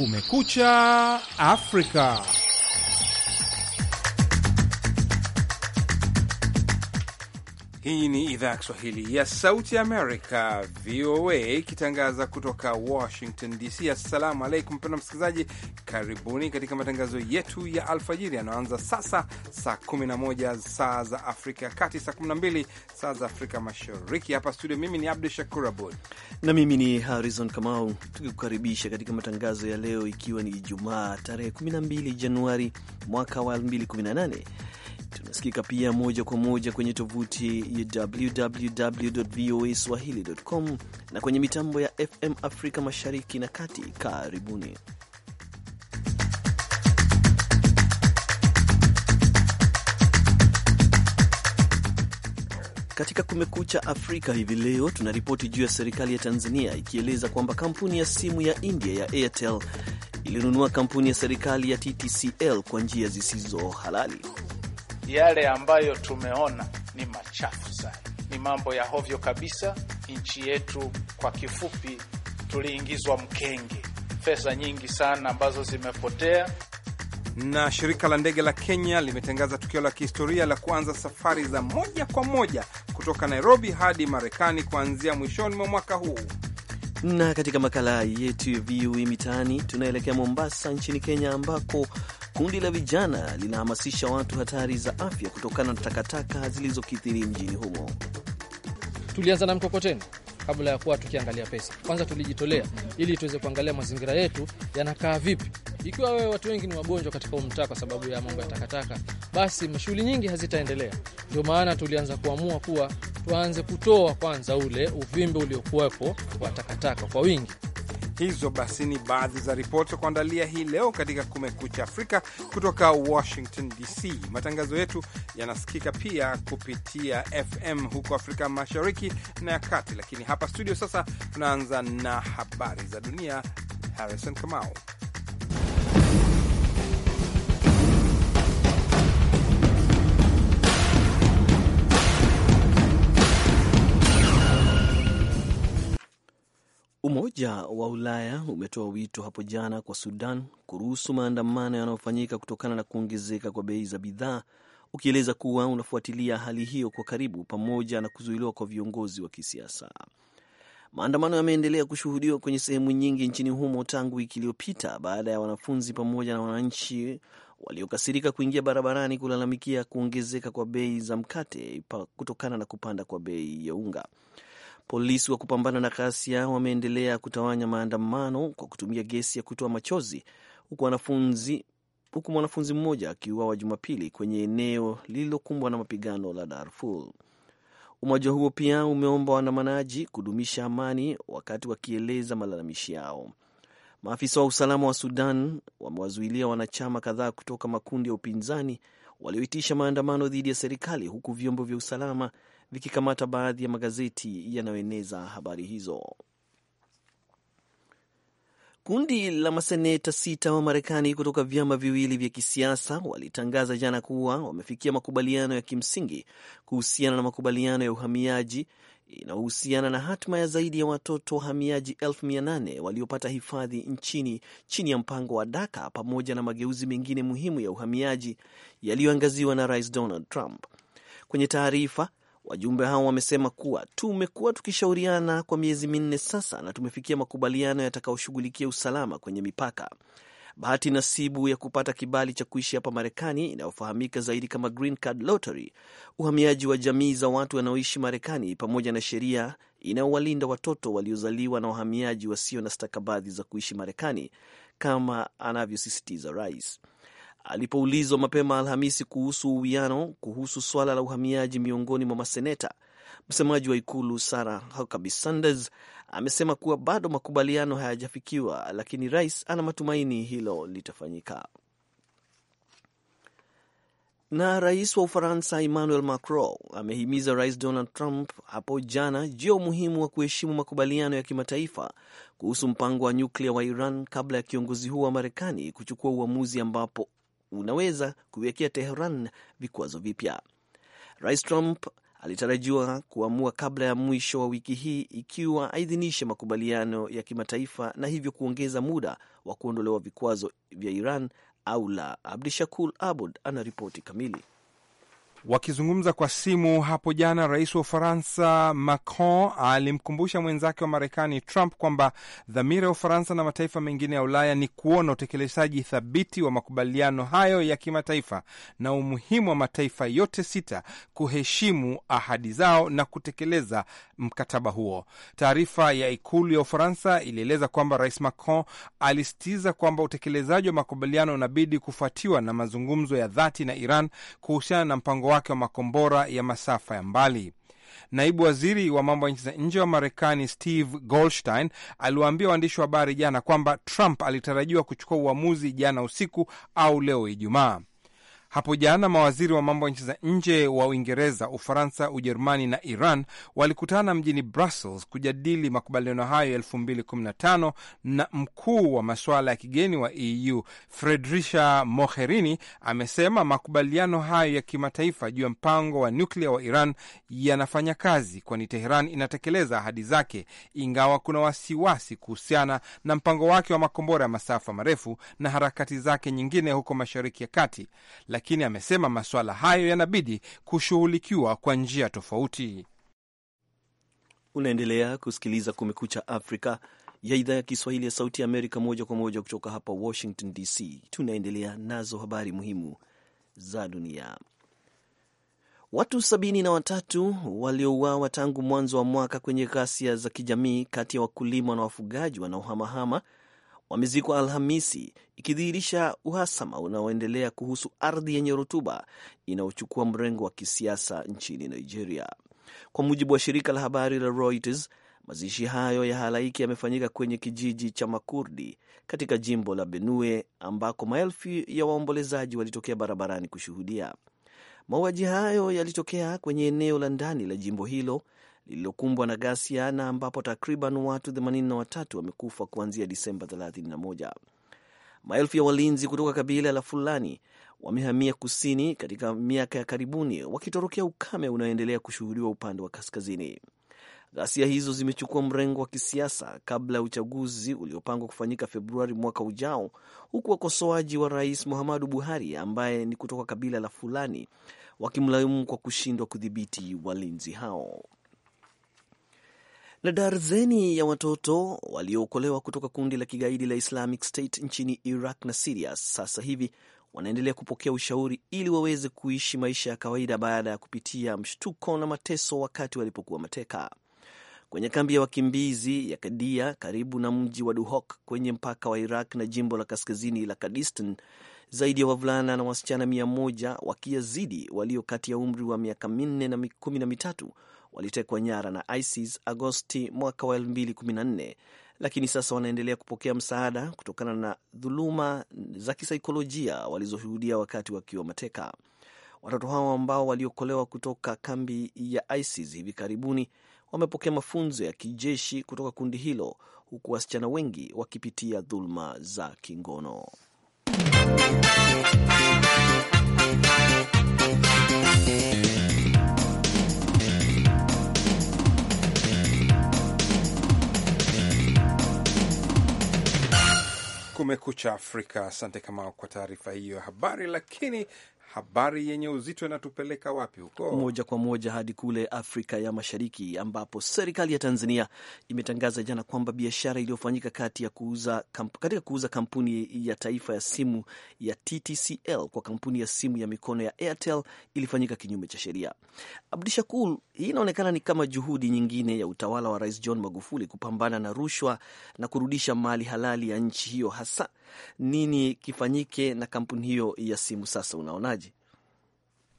Kumekucha Afrika. Hii ni idhaa ya Kiswahili ya Sauti Amerika, VOA, ikitangaza kutoka Washington DC. Assalamu alaikum mpendwa msikilizaji, karibuni katika matangazo yetu ya alfajiri yanayoanza sasa saa 11 saa za Afrika ya Kati, saa 12 saa za Afrika Mashariki. Hapa studio, mimi ni Abdu Shakur Abud na mimi ni Harrison Kamau, tukikukaribisha katika matangazo ya leo, ikiwa ni Ijumaa tarehe 12 Januari mwaka wa 2018 Tunasikika pia moja kwa moja kwenye tovuti ya swahilicom na kwenye mitambo ya FM Afrika Mashariki na Kati. Karibuni. Katika Kumekucha Afrika hivi leo tuna ripoti juu ya serikali ya Tanzania ikieleza kwamba kampuni ya simu ya India ya Airtel ilinunua kampuni ya serikali ya TTCL kwa njia zisizo halali yale ambayo tumeona ni machafu sana, ni mambo ya hovyo kabisa. Nchi yetu kwa kifupi, tuliingizwa mkenge, pesa nyingi sana ambazo zimepotea. Na shirika la ndege la Kenya limetangaza tukio la kihistoria la kuanza safari za moja kwa moja kutoka Nairobi hadi Marekani kuanzia mwishoni mwa mwaka huu. Na katika makala yetu ya VOA Mitaani, tunaelekea Mombasa nchini Kenya ambako Kundi la vijana linahamasisha watu hatari za afya kutokana na takataka zilizokithiri mjini humo. Tulianza na mkokoteni kabla ya kuwa tukiangalia pesa. Kwanza tulijitolea ili tuweze kuangalia mazingira yetu yanakaa vipi. Ikiwa wewe watu wengi ni wagonjwa katika umtaa kwa sababu ya mambo ya takataka, basi shughuli nyingi hazitaendelea. Ndio maana tulianza kuamua kuwa tuanze kutoa kwanza ule uvimbe uliokuwepo wa takataka kwa wingi hizo basi ni baadhi za ripoti za kuandalia hii leo katika Kumekucha Afrika kutoka Washington DC. Matangazo yetu yanasikika pia kupitia FM huko Afrika Mashariki na ya Kati, lakini hapa studio sasa tunaanza na habari za dunia. Harrison Kamau. Umoja wa Ulaya umetoa wito hapo jana kwa Sudan kuruhusu maandamano yanayofanyika kutokana na kuongezeka kwa bei za bidhaa, ukieleza kuwa unafuatilia hali hiyo kwa karibu, pamoja na kuzuiliwa kwa viongozi wa kisiasa. Maandamano yameendelea kushuhudiwa kwenye sehemu nyingi nchini humo tangu wiki iliyopita baada ya wanafunzi pamoja na wananchi waliokasirika kuingia barabarani kulalamikia kuongezeka kwa bei za mkate kutokana na kupanda kwa bei ya unga. Polisi wa kupambana na ghasia wameendelea kutawanya maandamano kwa kutumia gesi ya kutoa machozi, huku wanafunzi huku mwanafunzi mmoja akiuawa Jumapili kwenye eneo lililokumbwa na mapigano la Darfur. Umoja huo pia umeomba waandamanaji kudumisha amani wakati wakieleza malalamishi yao. Maafisa wa usalama wa Sudan wamewazuilia wanachama kadhaa kutoka makundi ya upinzani walioitisha maandamano dhidi ya serikali, huku vyombo vya usalama vikikamata baadhi ya magazeti yanayoeneza habari hizo. Kundi la maseneta sita wa Marekani kutoka vyama viwili vya kisiasa walitangaza jana kuwa wamefikia makubaliano ya kimsingi kuhusiana na makubaliano ya uhamiaji inayohusiana na hatima ya zaidi ya watoto wahamiaji elfu mia nane waliopata hifadhi nchini chini ya mpango wa Daka pamoja na mageuzi mengine muhimu ya uhamiaji yaliyoangaziwa na Rais Donald Trump. Kwenye taarifa Wajumbe hao wamesema kuwa tumekuwa tukishauriana kwa miezi minne sasa na tumefikia makubaliano yatakayoshughulikia usalama kwenye mipaka. Bahati nasibu ya kupata kibali cha kuishi hapa Marekani inayofahamika zaidi kama Green Card Lottery, uhamiaji wa jamii za watu wanaoishi Marekani, pamoja na sheria inayowalinda watoto waliozaliwa na wahamiaji wasio na stakabadhi za kuishi Marekani, kama anavyosisitiza rais. Alipoulizwa mapema Alhamisi kuhusu uwiano kuhusu swala la uhamiaji miongoni mwa maseneta, msemaji wa ikulu Sarah Huckabee Sanders amesema kuwa bado makubaliano hayajafikiwa, lakini rais ana matumaini hilo litafanyika. Na rais wa Ufaransa Emmanuel Macron amehimiza rais Donald Trump hapo jana juu ya umuhimu wa kuheshimu makubaliano ya kimataifa kuhusu mpango wa nyuklia wa Iran kabla ya kiongozi huo wa Marekani kuchukua uamuzi ambapo unaweza kuiwekea Teheran vikwazo vipya. Rais Trump alitarajiwa kuamua kabla ya mwisho wa wiki hii ikiwa aidhinishe makubaliano ya kimataifa na hivyo kuongeza muda wa kuondolewa vikwazo vya Iran au la. Abdishakur Abud anaripoti kamili. Wakizungumza kwa simu hapo jana, rais wa Ufaransa Macron alimkumbusha mwenzake wa Marekani Trump kwamba dhamira ya Ufaransa na mataifa mengine ya Ulaya ni kuona utekelezaji thabiti wa makubaliano hayo ya kimataifa na umuhimu wa mataifa yote sita kuheshimu ahadi zao na kutekeleza mkataba huo. Taarifa ya ikulu ya Ufaransa ilieleza kwamba rais Macron alisitiza kwamba utekelezaji wa makubaliano unabidi kufuatiwa na mazungumzo ya dhati na Iran kuhusiana na mpango wake wa makombora ya masafa ya mbali. Naibu waziri wa mambo ya nchi za nje wa Marekani Steve Goldstein aliwaambia waandishi wa habari jana kwamba Trump alitarajiwa kuchukua uamuzi jana usiku au leo Ijumaa. Hapo jana mawaziri wa mambo ya nchi za nje wa Uingereza, Ufaransa, Ujerumani na Iran walikutana mjini Brussels kujadili makubaliano hayo ya 2015 na mkuu wa masuala ya kigeni wa EU Fredrisha Mogherini amesema makubaliano hayo ya kimataifa juu ya mpango wa nyuklia wa Iran yanafanya kazi, kwani Teheran inatekeleza ahadi zake, ingawa kuna wasiwasi kuhusiana na mpango wake wa makombora ya masafa marefu na harakati zake nyingine huko Mashariki ya Kati lakini amesema masuala hayo yanabidi kushughulikiwa kwa njia tofauti. Unaendelea kusikiliza Kumekucha Afrika ya idhaa ya Kiswahili ya Sauti ya Amerika, moja kwa moja kutoka hapa Washington DC. Tunaendelea nazo habari muhimu za dunia. Watu sabini na watatu waliouawa tangu mwanzo wa mwaka kwenye ghasia za kijamii kati ya wakulima na wafugaji wanaohamahama wamezikwa Alhamisi, ikidhihirisha uhasama unaoendelea kuhusu ardhi yenye rutuba inayochukua mrengo wa kisiasa nchini Nigeria. Kwa mujibu wa shirika la habari la Reuters, mazishi hayo ya halaiki yamefanyika kwenye kijiji cha Makurdi katika jimbo la Benue, ambako maelfu ya waombolezaji walitokea barabarani kushuhudia mauaji hayo. Yalitokea kwenye eneo la ndani la jimbo hilo lililokumbwa na ghasia na ambapo takriban watu 83 wamekufa kuanzia Disemba 31. Maelfu ya walinzi kutoka kabila la Fulani wamehamia kusini katika miaka ya karibuni wakitorokea ukame unaoendelea kushuhudiwa upande wa kaskazini. Ghasia hizo zimechukua mrengo wa kisiasa kabla ya uchaguzi uliopangwa kufanyika Februari mwaka ujao, huku wakosoaji wa rais Muhammadu Buhari ambaye ni kutoka kabila la Fulani wakimlaumu kwa kushindwa kudhibiti walinzi hao na darzeni ya watoto waliookolewa kutoka kundi la kigaidi la Islamic State nchini Iraq na Siria sasa hivi wanaendelea kupokea ushauri ili waweze kuishi maisha ya kawaida baada ya kupitia mshtuko na mateso wakati walipokuwa mateka kwenye kambi ya wakimbizi ya Kadia karibu na mji wa Duhok kwenye mpaka wa Iraq na jimbo la kaskazini la Kurdistan. Zaidi ya wavulana na wasichana mia moja wa walio kati ya umri wa miaka minne na kumi na mitatu walitekwa nyara na ISIS Agosti mwaka wa 2014 lakini sasa wanaendelea kupokea msaada kutokana na dhuluma za kisaikolojia walizoshuhudia wakati wakiwa mateka. Watoto hao ambao waliokolewa kutoka kambi ya ISIS hivi karibuni wamepokea mafunzo ya kijeshi kutoka kundi hilo, huku wasichana wengi wakipitia dhuluma za kingono. Kumekucha Afrika. Asante Kamau kwa taarifa hiyo ya habari. Lakini habari yenye uzito inatupeleka wapi huko? Moja kwa moja hadi kule Afrika ya Mashariki, ambapo serikali ya Tanzania imetangaza jana kwamba biashara iliyofanyika kati ya kuuza, katika kuuza kampuni ya taifa ya simu ya TTCL kwa kampuni ya simu ya mikono ya Airtel ilifanyika kinyume cha sheria. Abdishakur, hii inaonekana ni kama juhudi nyingine ya utawala wa Rais John Magufuli kupambana na rushwa na kurudisha mali halali ya nchi hiyo hasa nini kifanyike na kampuni hiyo ya simu sasa, unaonaje?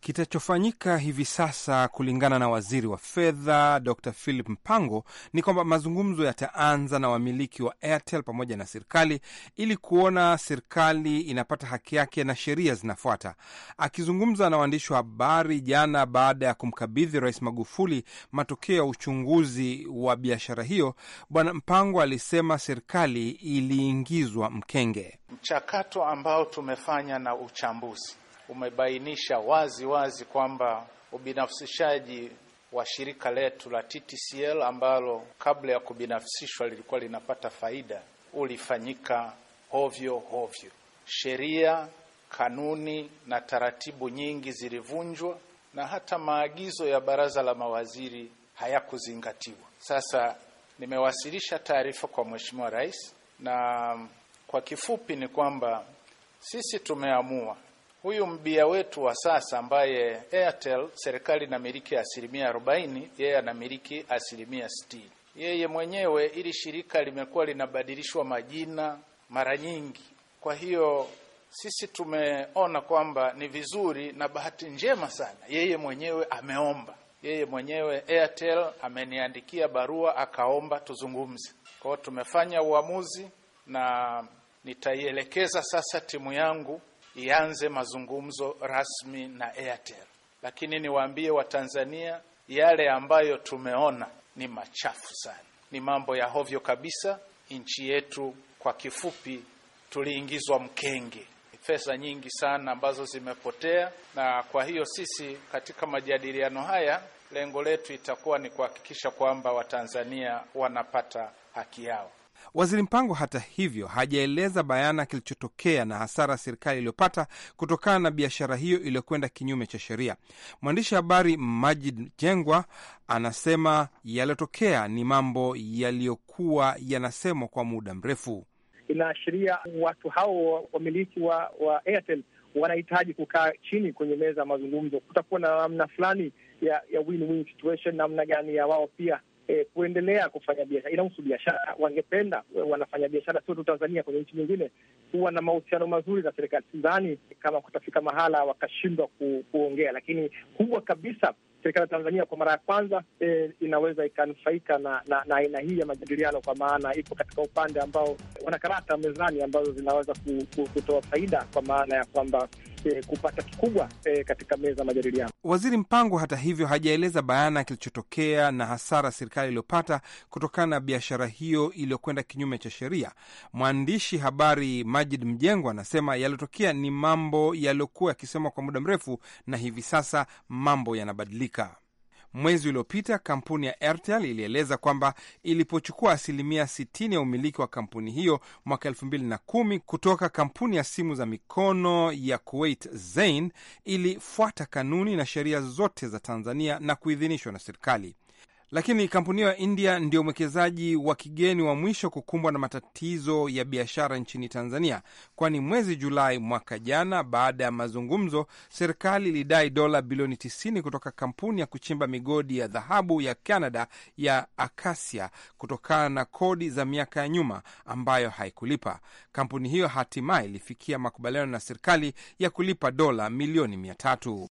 Kitachofanyika hivi sasa kulingana na waziri wa fedha Dr Philip Mpango ni kwamba mazungumzo yataanza na wamiliki wa Airtel pamoja na serikali ili kuona serikali inapata haki yake na sheria zinafuata. Akizungumza na waandishi wa habari jana baada ya kumkabidhi Rais Magufuli matokeo ya uchunguzi wa biashara hiyo, Bwana Mpango alisema serikali iliingizwa mkenge. Mchakato ambao tumefanya na uchambuzi umebainisha wazi wazi kwamba ubinafsishaji wa shirika letu la TTCL ambalo kabla ya kubinafsishwa lilikuwa linapata faida ulifanyika hovyo hovyo. Sheria, kanuni na taratibu nyingi zilivunjwa na hata maagizo ya baraza la mawaziri hayakuzingatiwa. Sasa nimewasilisha taarifa kwa Mheshimiwa Rais, na kwa kifupi ni kwamba sisi tumeamua huyu mbia wetu wa sasa ambaye Airtel serikali inamiliki asilimia 40, yeye anamiliki asilimia 60. Yeye mwenyewe ili shirika limekuwa linabadilishwa majina mara nyingi, kwa hiyo sisi tumeona kwamba ni vizuri, na bahati njema sana yeye mwenyewe ameomba, yeye mwenyewe Airtel ameniandikia barua akaomba tuzungumze. kwao tumefanya uamuzi na nitaielekeza sasa timu yangu ianze mazungumzo rasmi na Airtel, lakini niwaambie Watanzania yale ambayo tumeona ni machafu sana, ni mambo ya hovyo kabisa. Nchi yetu kwa kifupi, tuliingizwa mkenge, pesa nyingi sana ambazo zimepotea. Na kwa hiyo sisi, katika majadiliano haya, lengo letu itakuwa ni kuhakikisha kwamba Watanzania wanapata haki yao. Waziri Mpango hata hivyo hajaeleza bayana kilichotokea na hasara serikali iliyopata kutokana na biashara hiyo iliyokwenda kinyume cha sheria. Mwandishi habari Majid Jengwa anasema yaliyotokea ni mambo yaliyokuwa yanasemwa kwa muda mrefu. Inaashiria watu hao wamiliki wa, wa Airtel wanahitaji kukaa chini kwenye meza ya mazungumzo. Kutakuwa na namna fulani ya, ya win-win situation, namna gani ya wao pia eh, kuendelea kufanya biashara. Inahusu biashara, wangependa eh, wanafanya biashara sio tu Tanzania, kwenye nchi nyingine huwa na mahusiano mazuri na serikali. Sidhani kama kutafika mahala wakashindwa ku, kuongea, lakini kubwa kabisa serikali ya Tanzania kwa mara ya kwanza e, inaweza ikanufaika na na aina hii ya majadiliano, kwa maana ipo katika upande ambao wanakarata mezani ambazo zinaweza ku, ku, kutoa faida kwa maana ya kwamba e, kupata kikubwa e, katika meza majadiliano. Waziri Mpango hata hivyo hajaeleza bayana kilichotokea na hasara serikali iliyopata kutokana na biashara hiyo iliyokwenda kinyume cha sheria. Mwandishi habari Majid Mjengo anasema yaliyotokea ni mambo yaliyokuwa yakisemwa kwa muda mrefu na hivi sasa mambo yanabadilika. Mwezi uliopita kampuni ya Airtel ilieleza kwamba ilipochukua asilimia 60 ya umiliki wa kampuni hiyo mwaka 2010 kutoka kampuni ya simu za mikono ya Kuwait Zain, ilifuata kanuni na sheria zote za Tanzania na kuidhinishwa na serikali. Lakini kampuni hiyo ya India ndio mwekezaji wa kigeni wa mwisho kukumbwa na matatizo ya biashara nchini Tanzania, kwani mwezi Julai mwaka jana, baada ya mazungumzo, serikali ilidai dola bilioni 90 kutoka kampuni ya kuchimba migodi ya dhahabu ya Canada ya Acacia kutokana na kodi za miaka ya nyuma ambayo haikulipa. Kampuni hiyo hatimaye ilifikia makubaliano na serikali ya kulipa dola milioni mia tatu.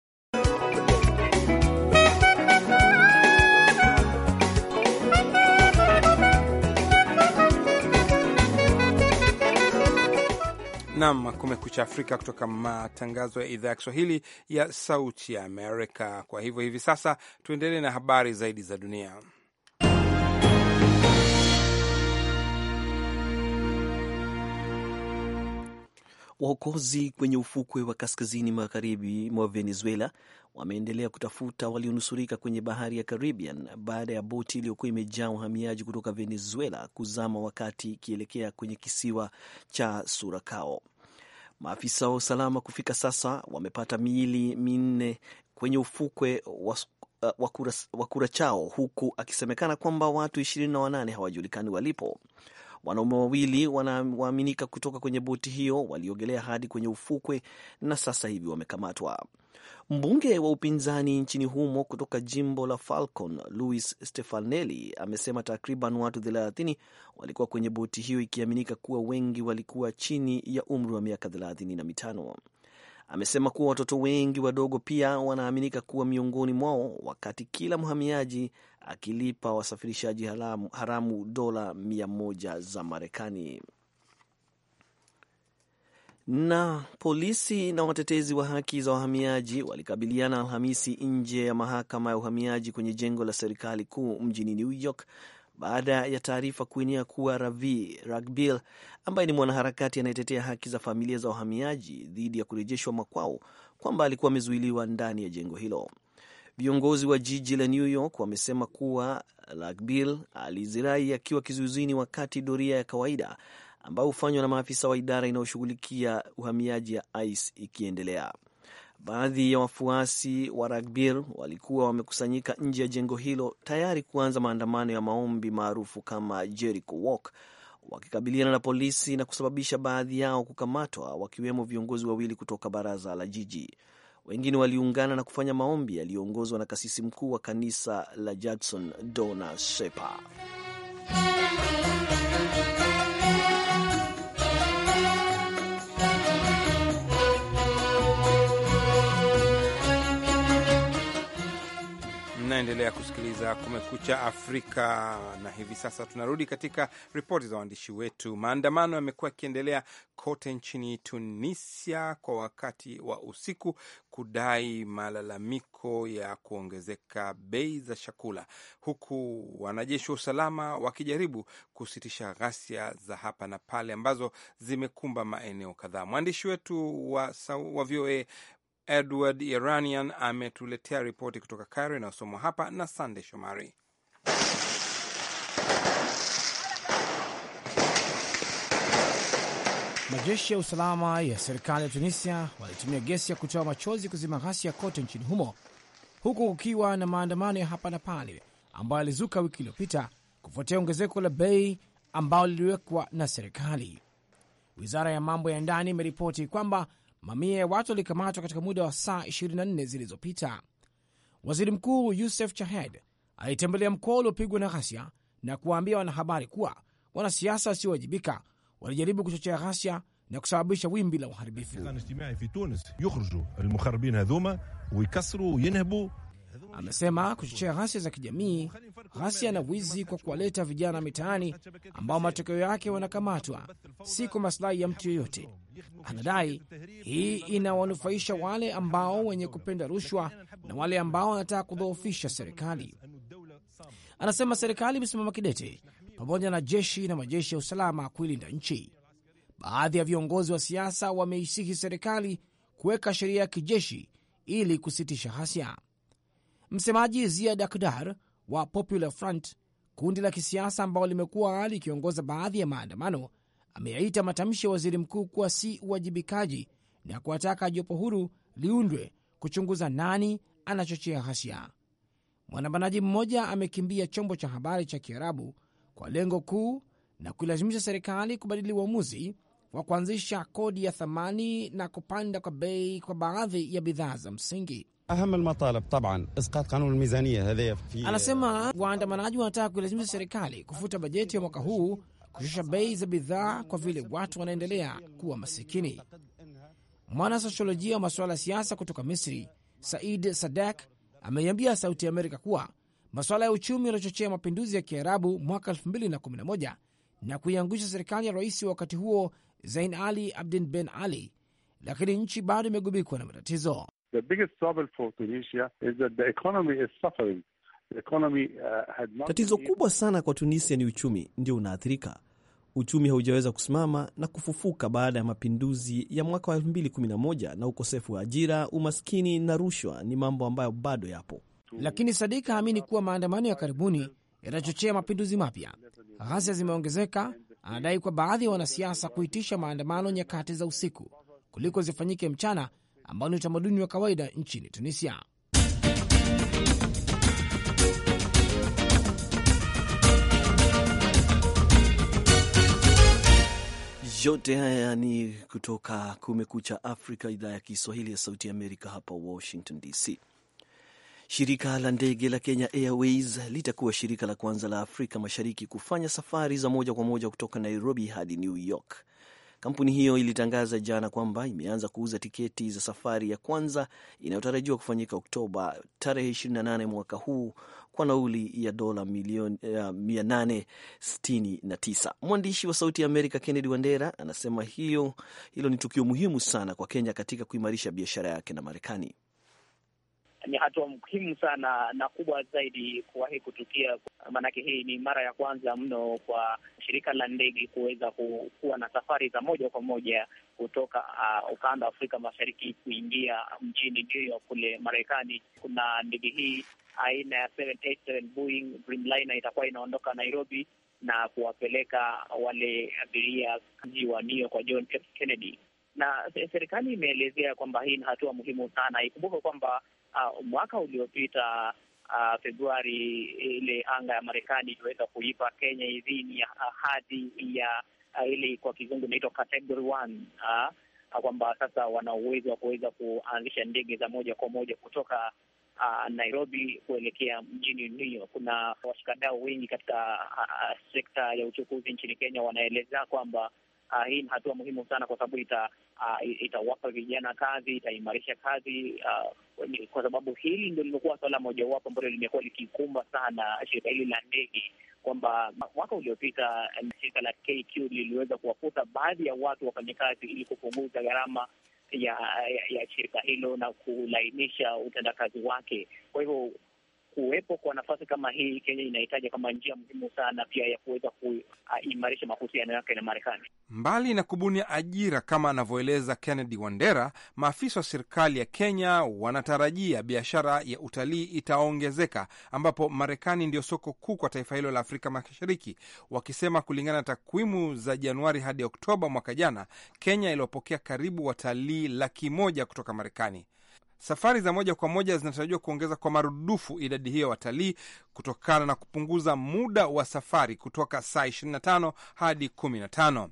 Nam Kumekucha Afrika kutoka matangazo ya idhaa ya Kiswahili ya Sauti ya Amerika. Kwa hivyo hivi sasa tuendelee na habari zaidi za dunia. Waokozi kwenye ufukwe wa kaskazini magharibi mwa Venezuela wameendelea kutafuta walionusurika kwenye bahari ya Caribbean baada ya boti iliyokuwa imejaa wahamiaji kutoka Venezuela kuzama wakati ikielekea kwenye kisiwa cha Surakao. Maafisa wa usalama kufika sasa wamepata miili minne kwenye ufukwe wa uh, Wakura Chao, huku akisemekana kwamba watu ishirini na wanane hawajulikani walipo. Wanaume wawili wanaaminika kutoka kwenye boti hiyo waliogelea hadi kwenye ufukwe na sasa hivi wamekamatwa. Mbunge wa upinzani nchini humo kutoka jimbo la Falcon, Luis Stefanelli, amesema takriban watu 30 walikuwa kwenye boti hiyo, ikiaminika kuwa wengi walikuwa chini ya umri wa miaka 35. Amesema kuwa watoto wengi wadogo pia wanaaminika kuwa miongoni mwao, wakati kila mhamiaji akilipa wasafirishaji haramu dola 100 za Marekani. Na polisi na watetezi wa haki za wahamiaji walikabiliana Alhamisi nje ya mahakama ya uhamiaji kwenye jengo la serikali kuu mjini New York baada ya taarifa kuenea kuwa Ravi Ragbil ambaye ni mwanaharakati anayetetea haki za familia za wahamiaji dhidi ya kurejeshwa makwao kwamba alikuwa amezuiliwa ndani ya jengo hilo. Viongozi wa jiji la New York wamesema kuwa Ragbil alizirai akiwa kizuizini wakati doria ya kawaida ambayo hufanywa na maafisa wa idara inayoshughulikia uhamiaji ya ICE ikiendelea. Baadhi ya wafuasi wa Ragbir walikuwa wamekusanyika nje ya jengo hilo tayari kuanza maandamano ya maombi maarufu kama Jericho Walk, wakikabiliana na polisi na kusababisha baadhi yao kukamatwa, wakiwemo viongozi wawili kutoka baraza la jiji. Wengine waliungana na kufanya maombi yaliyoongozwa na kasisi mkuu wa kanisa la Judson Dona Shepa. Mnaendelea kusikiliza Kumekucha Afrika, na hivi sasa tunarudi katika ripoti za waandishi wetu. Maandamano yamekuwa yakiendelea kote nchini Tunisia kwa wakati wa usiku kudai malalamiko ya kuongezeka bei za chakula, huku wanajeshi wa usalama wakijaribu kusitisha ghasia za hapa na pale ambazo zimekumba maeneo kadhaa. Mwandishi wetu wa, wa VOA Edward Iranian ametuletea ripoti kutoka Cairo inayosomwa hapa na sandey Shomari. Majeshi ya usalama ya serikali ya Tunisia walitumia gesi ya kutoa machozi kuzima ghasia kote nchini humo, huku kukiwa na maandamano ya hapa na pale ambayo yalizuka wiki iliyopita kufuatia ongezeko la bei ambalo liliwekwa na serikali. Wizara ya mambo ya ndani imeripoti kwamba Mamia ya watu walikamatwa katika muda wa saa 24 zilizopita. Waziri Mkuu Yusef Chahed alitembelea mkoa uliopigwa na ghasia na kuwaambia wanahabari kuwa wanasiasa wasiowajibika walijaribu kuchochea ghasia na kusababisha wimbi la uharibifu. Amesema kuchochea ghasia za kijamii ghasia na wizi kwa kuwaleta vijana mitaani, ambao matokeo yake wanakamatwa, si kwa masilahi ya mtu yoyote. Anadai hii inawanufaisha wale ambao wenye kupenda rushwa na wale ambao wanataka kudhoofisha serikali. Anasema serikali imesimama kidete pamoja na jeshi na majeshi ya usalama kuilinda nchi. Baadhi ya viongozi wa siasa wameisihi serikali kuweka sheria ya kijeshi ili kusitisha ghasia. Msemaji ziadakdar wa Popular Front, kundi la kisiasa ambalo limekuwa likiongoza baadhi ya maandamano, ameyaita matamshi ya waziri mkuu kuwa si uwajibikaji na kuwataka jopo huru liundwe kuchunguza nani anachochea ghasia. Mwandamanaji mmoja amekimbia chombo cha habari cha Kiarabu kwa lengo kuu na kuilazimisha serikali kubadili uamuzi wa kuanzisha kodi ya thamani na kupanda kwa bei kwa baadhi ya bidhaa za msingi. Anasema waandamanaji wanataka kuilazimisha serikali kufuta bajeti ya mwaka huu, kushusha bei za bidhaa kwa vile watu wanaendelea kuwa masikini. Mwanasosiolojia wa masuala ya siasa kutoka Misri, Said Sadak, ameiambia Sauti ya Amerika kuwa masuala ya uchumi yaliochochea mapinduzi ya Kiarabu mwaka 2011 na kuiangusha serikali ya rais wa wakati huo Zain Ali Abdin Ben Ali, lakini nchi bado imegubikwa na matatizo. Uh, Tatizo kubwa sana kwa Tunisia ni uchumi ndio unaathirika. Uchumi haujaweza kusimama na kufufuka baada ya mapinduzi ya mwaka wa 2011 na ukosefu wa ajira, umaskini na rushwa ni mambo ambayo bado yapo. Lakini Sadika haamini kuwa maandamano ya karibuni yatachochea mapinduzi mapya. Ghasia zimeongezeka anadai kwa baadhi ya wanasiasa kuitisha maandamano nyakati za usiku kuliko zifanyike mchana ambao ni utamaduni wa kawaida nchini Tunisia. Yote haya ni kutoka Kumekucha Afrika, idhaa ya Kiswahili ya Sauti ya Amerika, hapa Washington DC. Shirika la ndege la Kenya Airways litakuwa shirika la kwanza la Afrika Mashariki kufanya safari za moja kwa moja kutoka Nairobi hadi New York. Kampuni hiyo ilitangaza jana kwamba imeanza kuuza tiketi za safari ya kwanza inayotarajiwa kufanyika Oktoba tarehe 28 mwaka huu kwa nauli ya dola milioni 869. Eh, Mwandishi wa Sauti ya Amerika Kennedy Wandera anasema hiyo hilo ni tukio muhimu sana kwa Kenya katika kuimarisha biashara yake na Marekani ni hatua muhimu sana na kubwa zaidi kuwahi kutukia, maanake hii ni mara ya kwanza mno kwa shirika la ndege kuweza kuwa na safari za moja kwa moja kutoka uh, ukanda wa Afrika Mashariki kuingia mjini New York kule Marekani. Kuna ndege hii aina ya 787 Boeing Dreamliner itakuwa inaondoka Nairobi na kuwapeleka wale abiria mji wa New York wa John F Kennedy, na serikali imeelezea kwamba hii ni hatua muhimu sana. Ikumbuke kwamba uh, mwaka uliopita uh, Februari ile anga ya Marekani iliweza kuipa Kenya idhini ya hadhi ya uh, ile kwa kizungu inaitwa category one uh, kwamba sasa wana uwezo wa kuweza kuanzisha ndege za moja kwa moja kutoka uh, Nairobi kuelekea mjini New York. Kuna washikadau wengi katika uh, sekta ya uchukuzi nchini Kenya wanaeleza kwamba Uh, hii ni hatua muhimu sana kwa sababu ita uh, itawapa vijana kazi, itaimarisha kazi uh, kwa sababu hili ndio limekuwa suala mojawapo ambalo limekuwa likikumba sana shirika hili la ndege kwamba mwaka uliopita eh, shirika la KQ liliweza kuwafuta baadhi ya watu wafanyakazi ili kupunguza gharama ya, ya, ya shirika hilo na kulainisha utendakazi wake. Kwa hivyo kuwepo kwa nafasi kama hii Kenya inahitaji kama njia muhimu sana pia ya kuweza kuimarisha ah, mahusiano yake na Marekani. Mbali na kubuni ajira kama anavyoeleza Kennedy Wandera, maafisa wa serikali ya Kenya wanatarajia biashara ya utalii itaongezeka, ambapo Marekani ndio soko kuu kwa taifa hilo la Afrika Mashariki, wakisema kulingana na takwimu za Januari hadi Oktoba mwaka jana, Kenya iliopokea karibu watalii laki moja kutoka Marekani. Safari za moja kwa moja zinatarajiwa kuongeza kwa marudufu idadi hiyo ya watalii kutokana na kupunguza muda wa safari kutoka saa 25 hadi 15.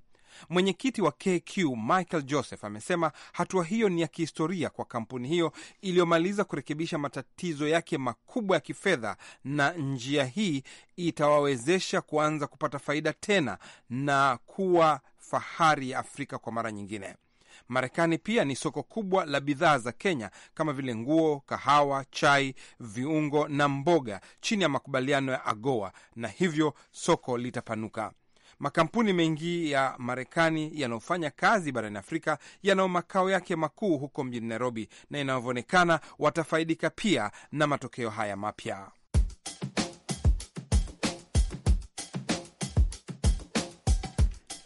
Mwenyekiti wa KQ Michael Joseph amesema hatua hiyo ni ya kihistoria kwa kampuni hiyo iliyomaliza kurekebisha matatizo yake makubwa ya kifedha, na njia hii itawawezesha kuanza kupata faida tena na kuwa fahari ya Afrika kwa mara nyingine. Marekani pia ni soko kubwa la bidhaa za Kenya kama vile nguo, kahawa, chai, viungo na mboga chini ya makubaliano ya AGOA na hivyo soko litapanuka. Makampuni mengi ya Marekani yanayofanya kazi barani Afrika yanayo makao yake makuu huko mjini Nairobi, na inavyoonekana watafaidika pia na matokeo haya mapya.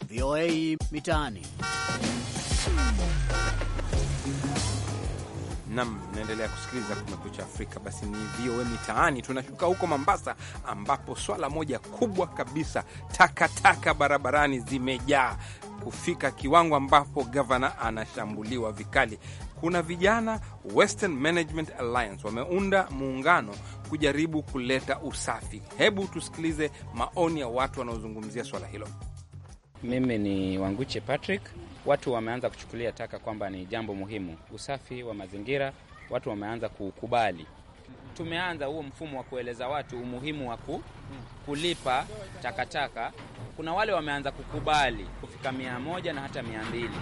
VOA Mitaani. Nam, naendelea kusikiliza Kumekucha Afrika. Basi ni VOA Mitaani. Tunashuka huko Mombasa, ambapo swala moja kubwa kabisa, takataka taka barabarani zimejaa kufika kiwango ambapo gavana anashambuliwa vikali. Kuna vijana Western Management Alliance wameunda muungano kujaribu kuleta usafi. Hebu tusikilize maoni ya watu wanaozungumzia swala hilo. Mimi ni Wanguche Patrick watu wameanza kuchukulia taka kwamba ni jambo muhimu. Usafi wa mazingira watu wameanza kuukubali. Tumeanza huo mfumo wa kueleza watu umuhimu wa kulipa takataka. Kuna wale wameanza kukubali kufika mia moja na hata mia mbili.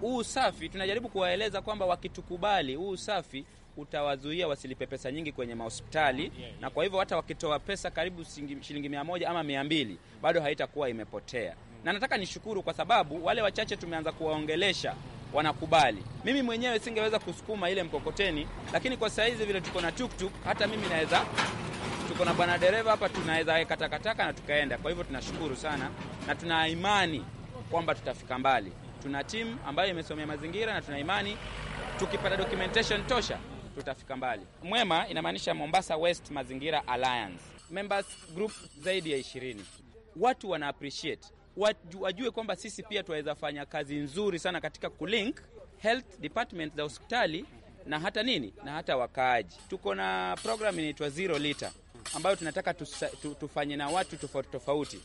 Huu usafi tunajaribu kuwaeleza kwamba wakitukubali, huu usafi utawazuia wasilipe pesa nyingi kwenye mahospitali, na kwa hivyo hata wakitoa pesa karibu shilingi mia moja ama mia mbili bado haitakuwa imepotea na nataka nishukuru kwa sababu wale wachache tumeanza kuwaongelesha wanakubali. Mimi mwenyewe singeweza kusukuma ile mkokoteni, lakini kwa saizi vile tuko na tuktuk, hata mimi naweza, tuko na bwana dereva hapa, tunaweza weka takataka na tukaenda. Kwa hivyo tunashukuru sana na tuna imani kwamba tutafika mbali. Tuna timu ambayo imesomea mazingira na tuna imani tukipata documentation tosha tutafika mbali. Mwema inamaanisha Mombasa West Mazingira Alliance members group zaidi ya ishirini. Watu wana appreciate wajue kwamba sisi pia tunaweza fanya kazi nzuri sana katika kulink health department za hospitali na hata nini na hata wakaaji. Tuko na program inaitwa zero lita ambayo tunataka tusa, tu, tufanye na watu tofauti tofauti.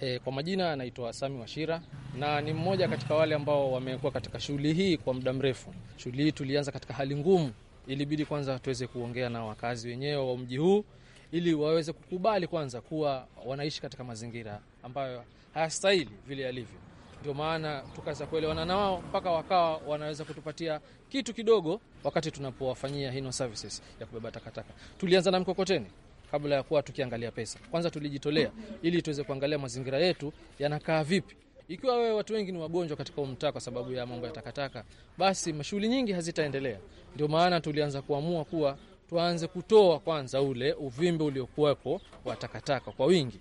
E, kwa majina anaitwa Sami Washira na ni mmoja katika wale ambao wamekuwa katika shughuli hii kwa muda mrefu. Shughuli hii tulianza katika hali ngumu, ilibidi kwanza tuweze kuongea na wakazi wenyewe wa mji huu ili waweze kukubali kwanza kuwa wanaishi katika mazingira ambayo hayastahili vile yalivyo. Ndio maana tukaweza kuelewana nao mpaka wakawa wanaweza kutupatia kitu kidogo wakati tunapowafanyia hino services ya kubeba takataka. Tulianza na mkokoteni kabla ya kuwa tukiangalia pesa. Kwanza tulijitolea ili tuweze kuangalia mazingira yetu yanakaa vipi. Ikiwa wewe watu wengi ni wagonjwa katika mtaa kwa sababu ya mambo ya takataka, basi mashughuli nyingi hazitaendelea. Ndio maana tulianza kuamua kuwa tuanze kutoa kwanza ule uvimbe uliokuwepo wa takataka kwa wingi.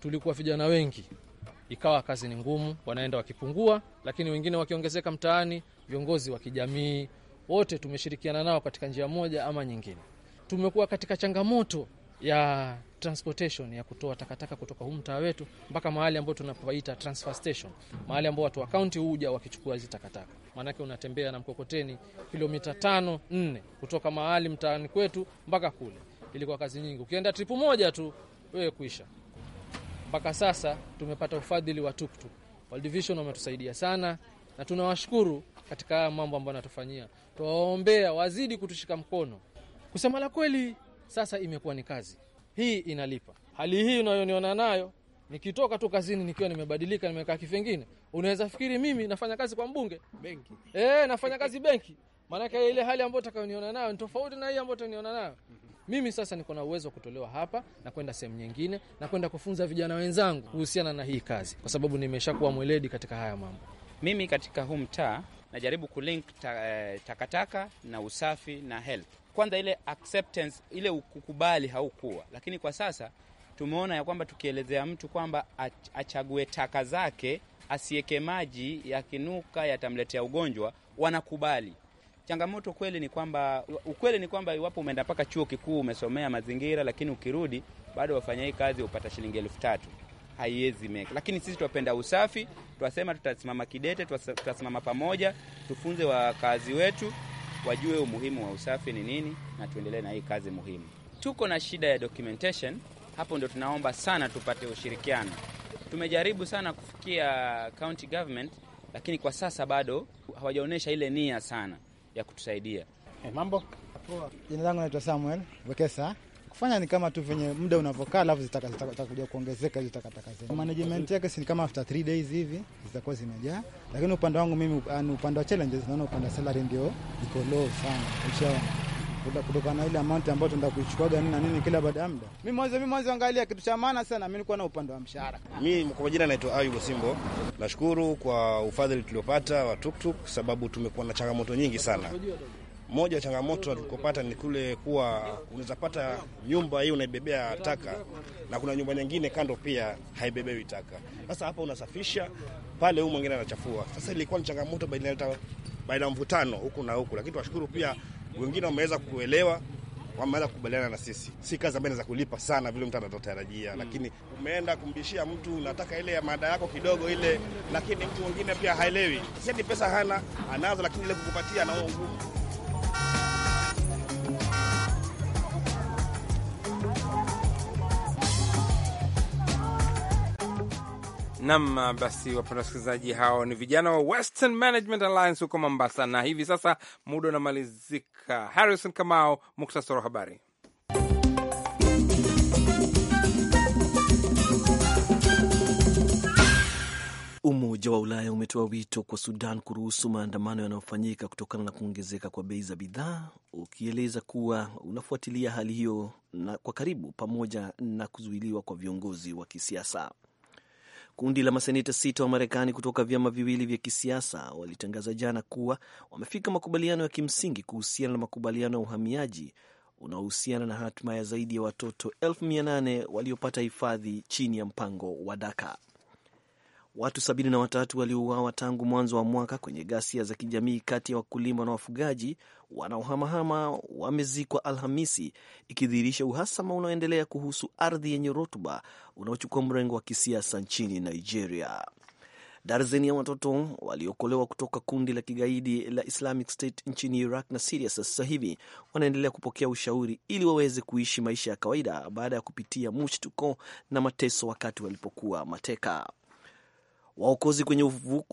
Tulikuwa vijana wengi ikawa kazi ni ngumu, wanaenda wakipungua, lakini wengine wakiongezeka mtaani. Viongozi wa kijamii wote tumeshirikiana nao katika njia moja ama nyingine. Tumekuwa katika changamoto ya transportation ya kutoa takataka kutoka huu mtaa wetu mpaka mahali ambao tunapaita transfer station, mahali ambao watu wa kaunti huja wakichukua hizi takataka. Maanake unatembea na mkokoteni kilomita tano nne kutoka mahali mtaani kwetu mpaka kule. Ilikuwa kazi nyingi, ukienda tripu moja tu wewe kuisha mpaka sasa tumepata ufadhili wa tuktuk World Vision wametusaidia sana na tunawashukuru katika haya mambo ambayo anatufanyia. Tuwaombea wazidi kutushika mkono. Kusema la kweli, sasa imekuwa ni kazi hii, inalipa. Hali hii unayoniona nayo, nikitoka tu kazini nikiwa nimebadilika, nimekaa kifengine, unaweza fikiri mimi nafanya kazi kwa mbunge benki. E, nafanya kazi benki, maanake ile hali ambayo utakayoniona nayo ni tofauti na hii ambayo utaniona nayo. Mhm. Mimi sasa niko na uwezo wa kutolewa hapa na kwenda sehemu nyingine na kwenda kufunza vijana wenzangu kuhusiana na hii kazi, kwa sababu nimeshakuwa mweledi katika haya mambo. Mimi katika huu mtaa najaribu kulink eh, takataka na usafi na health. Kwanza ile acceptance, ile ukukubali haukuwa, lakini kwa sasa tumeona ya kwamba tukielezea mtu kwamba achague taka zake asieke maji, yakinuka yatamletea ugonjwa, wanakubali. Changamoto kweli ni kwamba ukweli ni kwamba iwapo umeenda mpaka chuo kikuu umesomea mazingira, lakini ukirudi bado wafanya hii kazi upata shilingi elfu tatu haiwezi meka. Lakini sisi twapenda usafi, twasema tutasimama kidete, tutasimama pamoja, tufunze wakazi wetu wajue umuhimu wa usafi ni nini, na tuendelee na hii kazi muhimu. Tuko na shida ya documentation, hapo ndio tunaomba sana tupate ushirikiano. Tumejaribu sana kufikia county government, lakini kwa sasa bado hawajaonyesha ile nia sana ya kutusaidia. Hey, eh, mambo. Jina langu naitwa Samuel Wekesa. Kufanya ni kama tu venye muda unavokaa, alafu zitakuja kuongezeka hizo takataka zenu. Management yake si kama after 3 days hivi zitakuwa zimejaa, lakini upande wangu mimi, ah, upande wa challenges, naona upande wa salary ndio iko low sana, ushaona kutokana na ile amount ambayo tunaenda kuichukuaga nini na nini kila baada ya muda. Mimi mwanzo mimi mwanzo angalia kitu cha maana sana, mimi nilikuwa na upande wa mshahara. Mimi kwa majina naitwa Ayub Simbo. Nashukuru kwa ufadhili tuliopata wa tuktuk, sababu tumekuwa na changamoto nyingi sana. Moja ya changamoto tulikopata ni kule kuwa unaweza pata nyumba hii unaibebea taka na kuna nyumba nyingine kando pia haibebewi taka. Sasa hapa unasafisha pale, huyu mwingine anachafua. Sasa ilikuwa ni changamoto baina ya mvutano huku na huku, lakini tunashukuru pia wengine wameweza kuelewa, wameweza kukubaliana na sisi. Si kazi ambayo inaweza kulipa sana vile mtu anatotarajia mm. Lakini umeenda kumbishia mtu, unataka ile ya mada yako kidogo ile, lakini mtu mwingine pia haelewi. Sasa pesa hana anazo, lakini ile kukupatia anaona ugumu. Nam, basi wapenda wasikilizaji, hao ni vijana wa Western Management Alliance huko Mombasa, na hivi sasa muda unamalizika. Harrison Kamao, muktasari wa habari. Umoja wa Ulaya umetoa wito kwa Sudan kuruhusu maandamano yanayofanyika kutokana na kuongezeka kwa bei za bidhaa, ukieleza kuwa unafuatilia hali hiyo na kwa karibu, pamoja na kuzuiliwa kwa viongozi wa kisiasa. Kundi la maseneta sita wa Marekani kutoka vyama viwili vya kisiasa walitangaza jana kuwa wamefika makubaliano ya kimsingi kuhusiana na makubaliano ya uhamiaji unaohusiana na hatima ya zaidi ya watoto elfu mia nane waliopata hifadhi chini ya mpango wa Daka. Watu watatu waliouawa tangu mwanzo wa mwaka kwenye ghasia za kijamii kati ya wakulima na wafugaji wanaohamahama wamezikwa Alhamisi, ikidhihirisha uhasama unaoendelea kuhusu ardhi yenye rutuba unaochukua mrengo wa kisiasa nchini Nigeria. Darzeni ya watoto waliokolewa kutoka kundi la kigaidi la Islamic State nchini Iraq na Siria sasa hivi wanaendelea kupokea ushauri ili waweze kuishi maisha ya kawaida baada ya kupitia mushtuko na mateso wakati walipokuwa mateka. Waokozi kwenye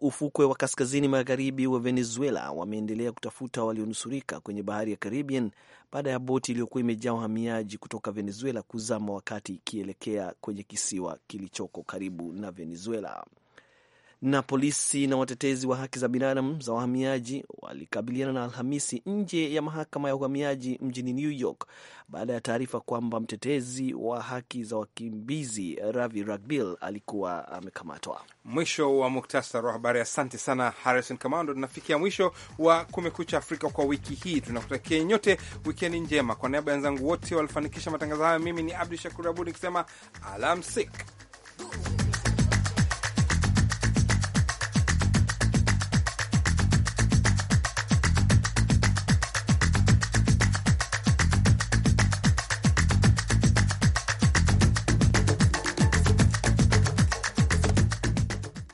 ufukwe wa kaskazini magharibi wa Venezuela wameendelea kutafuta walionusurika kwenye bahari ya Caribbean baada ya boti iliyokuwa imejaa wahamiaji kutoka Venezuela kuzama wakati ikielekea kwenye kisiwa kilichoko karibu na Venezuela na polisi na watetezi wa haki za binadamu za wahamiaji walikabiliana na Alhamisi nje ya mahakama ya uhamiaji mjini New York baada ya taarifa kwamba mtetezi wa haki za wakimbizi Ravi Ragbil alikuwa amekamatwa. Mwisho wa muktasar wa habari. Asante sana Harrison Kamando. Tunafikia mwisho wa Kumekucha Afrika kwa wiki hii. Tunakutakia nyote wikendi njema. Kwa niaba ya wenzangu wote walifanikisha matangazo hayo, mimi ni Abdu Shakur Abud nikisema alamsik.